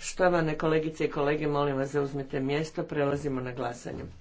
Štovane kolegice i kolege, molim vas zauzmite mjesto, prelazimo na glasanje.